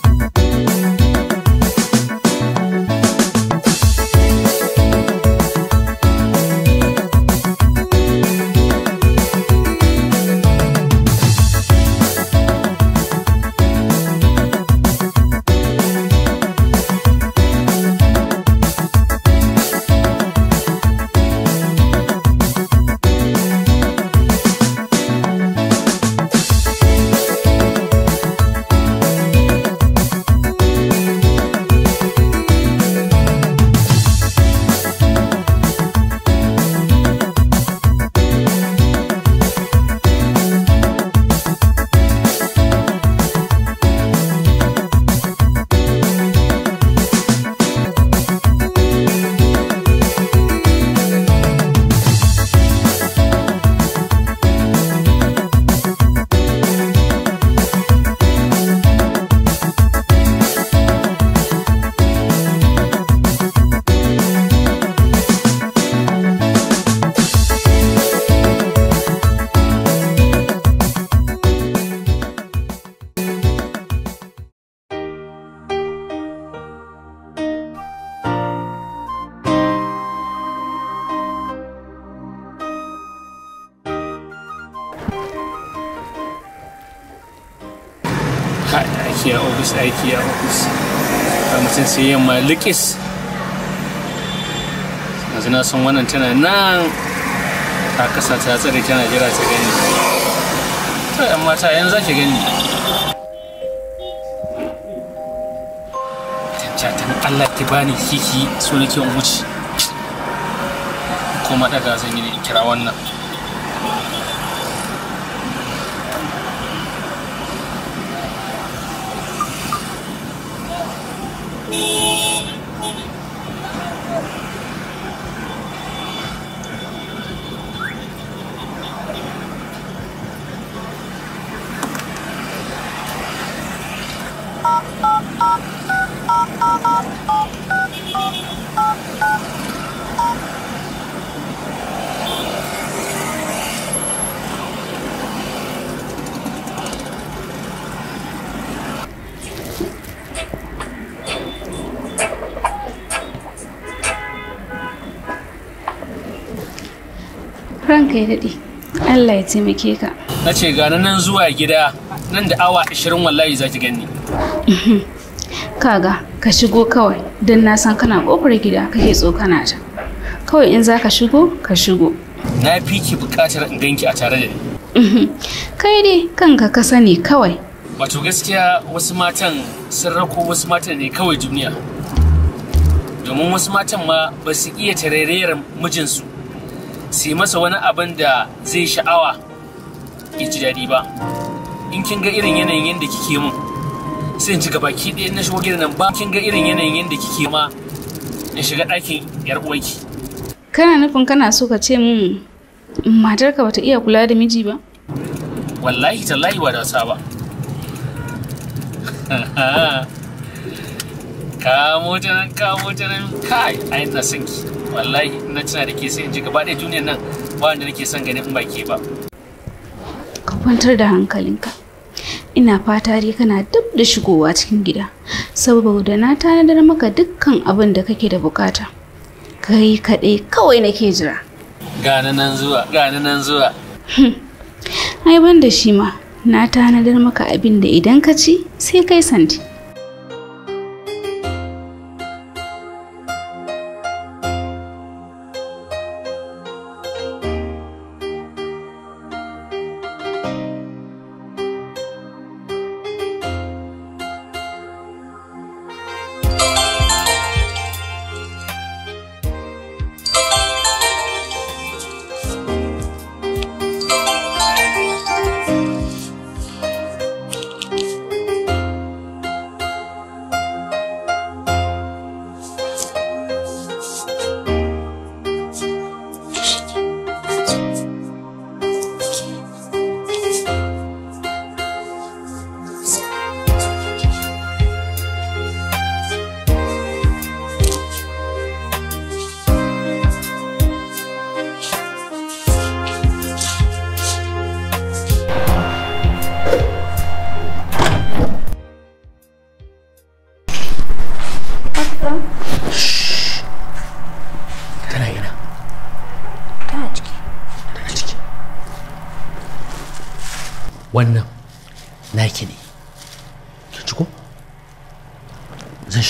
Música aiki a ofis aiki a ofis a mutum sai yamma likis yanzu na san wannan tana nan ta kasa ta tsare tana jira ta gani ta yan mata yanzu za ki gani tantan allah ki bani kiki so nake in wuce kuma daga zan yi kira wannan kai ya Allah ya taimake ka na ce gani nan zuwa gida nan da awa 20 wallahi za ki gani mhm. kaga ka shigo kawai don na san kana ƙofar gida kake tsokana ta kawai in za ka shigo ka shigo na fi ki bukatar in ganki a tare da ni mhm. kai dai kanka ka sani kawai wato gaskiya wasu matan sun rako wasu matan ne kawai duniya domin wasu matan ma ba su iya tarairayar mijinsu su masa wani abin da zai sha'awa ya ji daɗi ba in kin ga irin yanayin yadda kike mun sai in ci gabaki ɗaya na shigo gidan nan ba kin ga irin yanayin yadda kike ma na shiga ɗakin yar uwanki kana nufin kana so ka ce mun matarka bata iya kula da miji ba wallahi tallahi ba da ba kamo ta nan kamo ta nan kai a ina son ki wallahi ina tana da ke sai in ji gaba ɗaya duniyar nan ba wanda nake son ganin in ba ke ba ka kwantar da hankalinka ina fata dai kana duk da shigowa cikin gida saboda na tanadar maka dukkan abin da kake da bukata kai kaɗai kawai nake jira gani nan zuwa gani nan zuwa hmm. ai ban da shi ma na tanadar maka abin da idan ka ci sai kai santi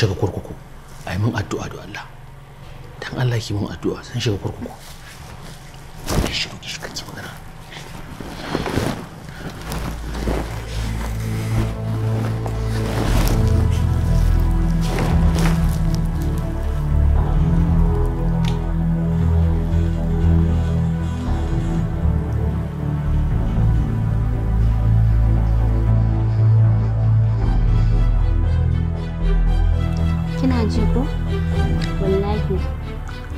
shiga kurkuku a yi mun addu'a da Allah dan Allah ki mun addu'a sun shiga kurkuku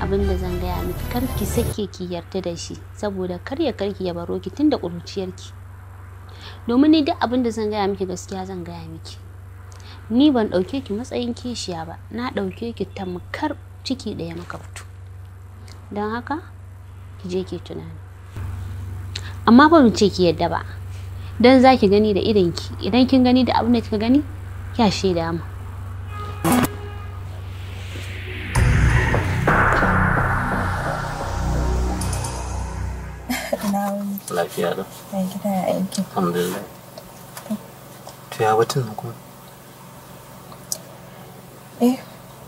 abin da zan gaya miki kar ki sake ki yarda da shi saboda kar ya karki ya baro ki tunda ƙuruciyarki domin ni duk abin da zan gaya miki gaskiya zan gaya miki ni ban ɗauke ki matsayin kishiya ba na ɗauke ki tamkar ciki ɗaya maka fito don haka ki je ki tunani amma ba ce ki yarda ba don za ki gani da ki idan kin gani da abin da kika gani ya shaida mu lafiya da ya alhamdulillah to ya watan nan kuma eh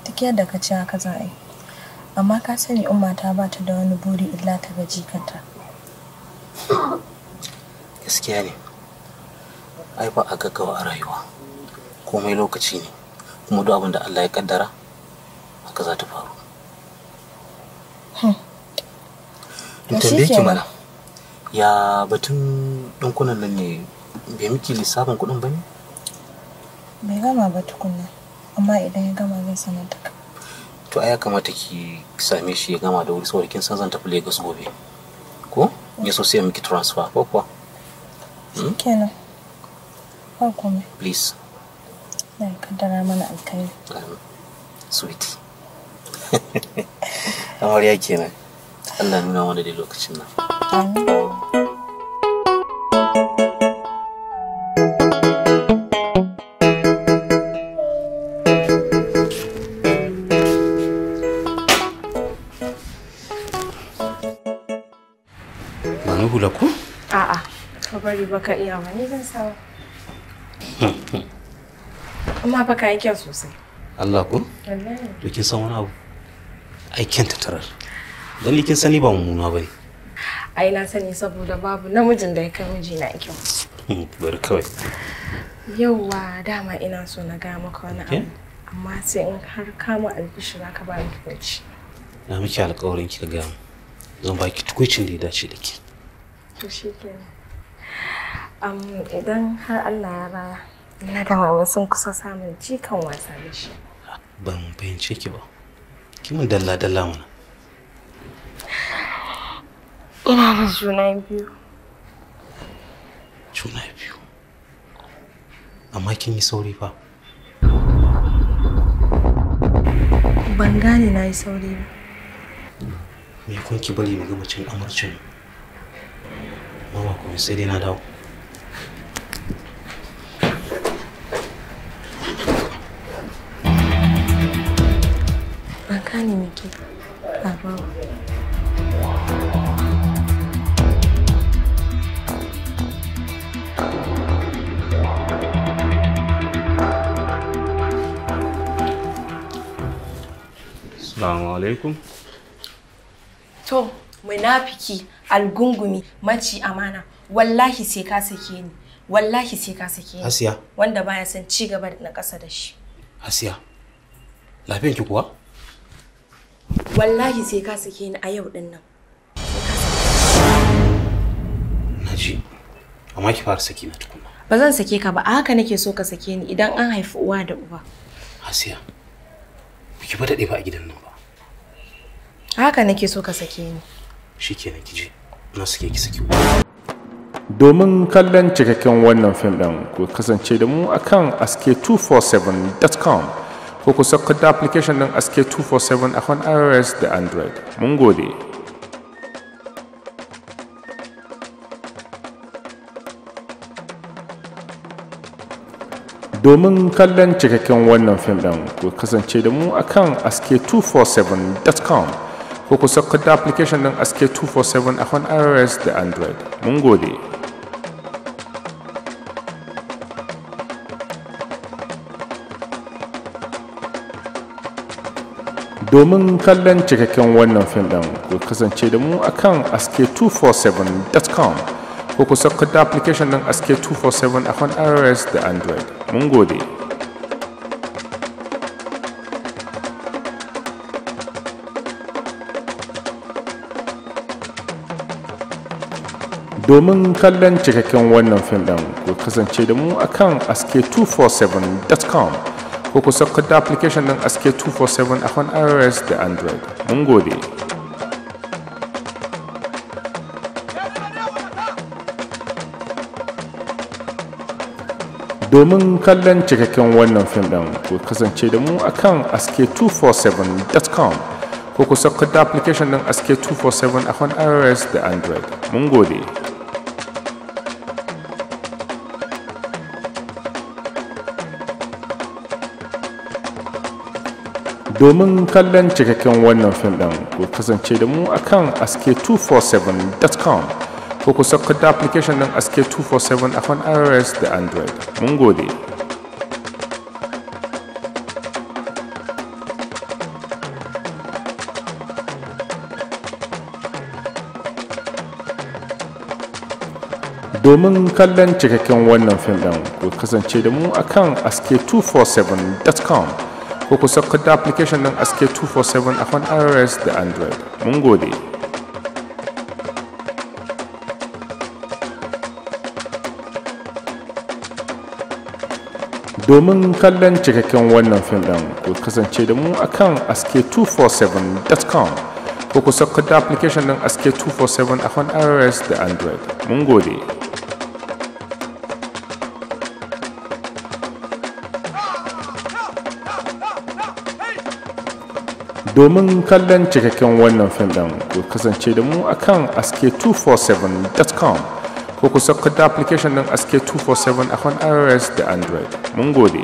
duk yadda ka ci haka za a yi amma ka sani umma ta ba ta da wani buri illa ta ga jikanta gaskiya ne ai ba a gaggawa a rayuwa komai lokaci ne kuma duk abin da Allah ya kaddara haka za ta faru. Hmm. Tambaye ki mana. ya batun ɗinkunan nan ne bai miki lissafin kuɗin ba ne? bai gama ba tukunna amma idan ya gama zai sanar da to ya kamata ki same shi ya gama da wuri saboda kin san zan tafi Lagos gobe ko ya so sai miki transfer ko kuwa hmm? kenan ba komai please zan kaddara mana alkai sweet amarya kenan Allah nuna wani da lokacin nan Manu hula ko? A'a, ka bari baka iya wani zan sawa. Amma fa ka yi kyau sosai. Allah ko? Wallahi. To kin san wani abu? Ai kin tarar. Dan kin sani ba mummuna bane. ai na sani saboda babu namijin da ya kai mijina kyau hmm, bari kawai yauwa dama ina so na ga maka wani abu amma sai in har kama albishira ka ni tukunci na miki alƙawarin ki ga zan baki tukuncin da ya dace da ke to shikenan um idan har Allah ya raya na da sun kusa samun jikan wasa da shi ban fahimce ki ba kimin dalla dalla mana Ina da juna biyu. Juna biyu. Amma kin yi sauri ba. Ban gane na yi sauri ba. Me kun ki bari mu gama cin amurcin? Mama kuma sai dai na dawo. Ban gane me ke ba. Assalamu alaikum. To, munafiki, algungumi, maci amana, wallahi sai ka sake ni. Wallahi sai ka sake ni. Asiya. Wanda baya son ci gaba na ƙasa da shi. Asiya. Lafiyar ki kuwa? Wallahi sai ka sake ni a yau din nan. Naji. Amma ki fara saki na tukuna. Ba zan sake ka ba, a haka nake so ka sake ni idan an haifi uwa da uba. Asiya. Ki ba daɗe ba a gidan nan ba. Haka nake so ka sake ni. Shi ke na kije, na suke ki saki. Domin kallon cikakken wannan fim ɗin ku kasance da mu akan aske247.com ko ku sauka da application ɗin aske247 kan iOS da Android. Mun gode. domin kallon cikakken wannan fim ɗin ku kasance da mu akan aske247.com ko ku saukar da application ɗin aske 247 akan ios da android mun gode domin kallon cikakken wannan fim ɗin ku kasance da mu akan sk247.com ko ku sauka da application ɗin sk247 akan ios da android mun gode domin kallon cikakken wannan fim ɗin ku kasance da mu a kan sk247.com ko ku sauka da application ɗin sk247 a kan ios da android mun gode domin kallon cikakken wannan fim ɗin ku kasance da mu a kan sk247.com ko ku sauka da application ɗin sk247 a kan ios da android mun gode domin kallon cikakken wannan fim ɗin ku kasance da mu akan ask247.com ko ku sakata application ɗin ask247 akan ios da android mun gode domin kallon cikakken wannan fim ɗin ku kasance da mu akan ask247.com ko ku sakka da application ɗin aske 247 kan ios da android mun gode domin kallon cikakken wannan fim ɗin ku kasance da mu kan sk 247com ko ku sakka da application ɗin sk 247 kan ios da android mun gode domin kallon cikakken wannan fim ɗin ku kasance da mu akan sk247.com ko ku sauka da application ɗin sk247 akan ios da android mun gode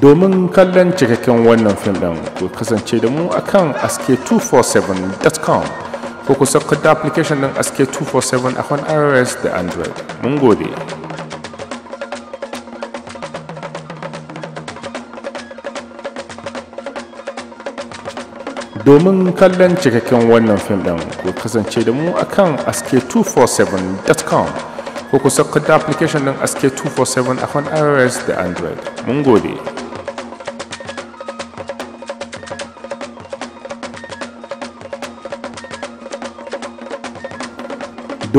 domin kallon cikakken wannan fim ɗin ku kasance da mu akan sk247.com ko ku saukar da application ɗin SK247 a kan iOS da Android. Mun gode. domin kallon cikakken wannan fim ɗin ku kasance da mu akan sk247.com ko ku sauka da application ɗin sk247 kan ios da android mun gode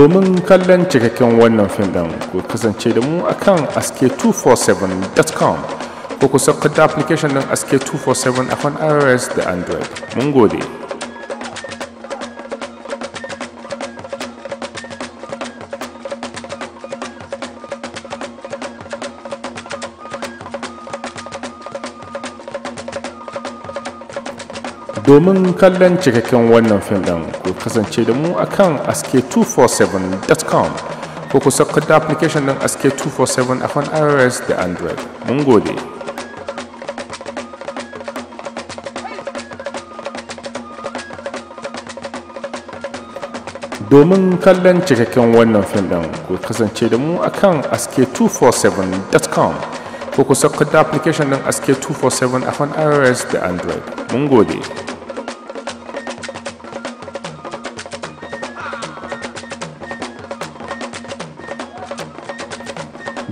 domin kallon cikakken wannan fim ɗin ku kasance da mu akan aske 247com ko ku sauƙaɗa application ɗin aske 247 akan ios da android mun gode domin kallon cikakken wannan fim ɗin ku kasance da mu akan sk247.com ko ku sauka da application ɗin sk247 kan ios da android mun gode domin kallon cikakken wannan fim ɗin ku kasance da mu akan sk247.com ko ku sauka da application ɗin sk247 kan ios da android mun gode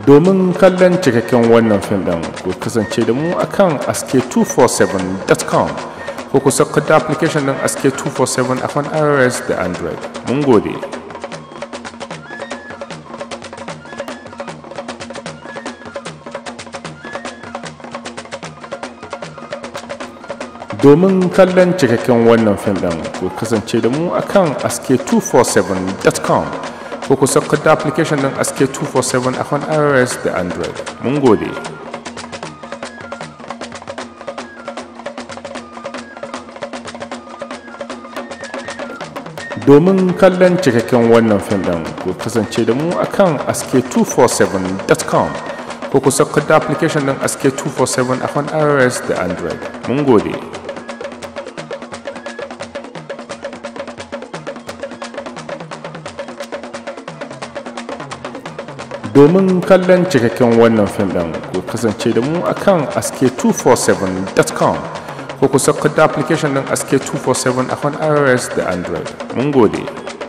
domin kallon cikakken wannan fim ɗin ku kasance da mu akan sk247.com ko ku sauka da application ɗin sk247 akan ios da android mun gode domin kallon cikakken wannan fim ɗin ku kasance da mu akan sk247.com ko ku saukar da application ɗin aske 247 akan ios da android mun gode domin kallon cikakken wannan fim ɗin ku kasance da mu akan sk 247com ko ku sauka da application ɗin sk 247 akan ios da android mun gode domin kallon cikakken wannan fim ɗin ku kasance da mu akan aske 247com ko ku sauka da application ɗin ask247 akan ios da android mun gode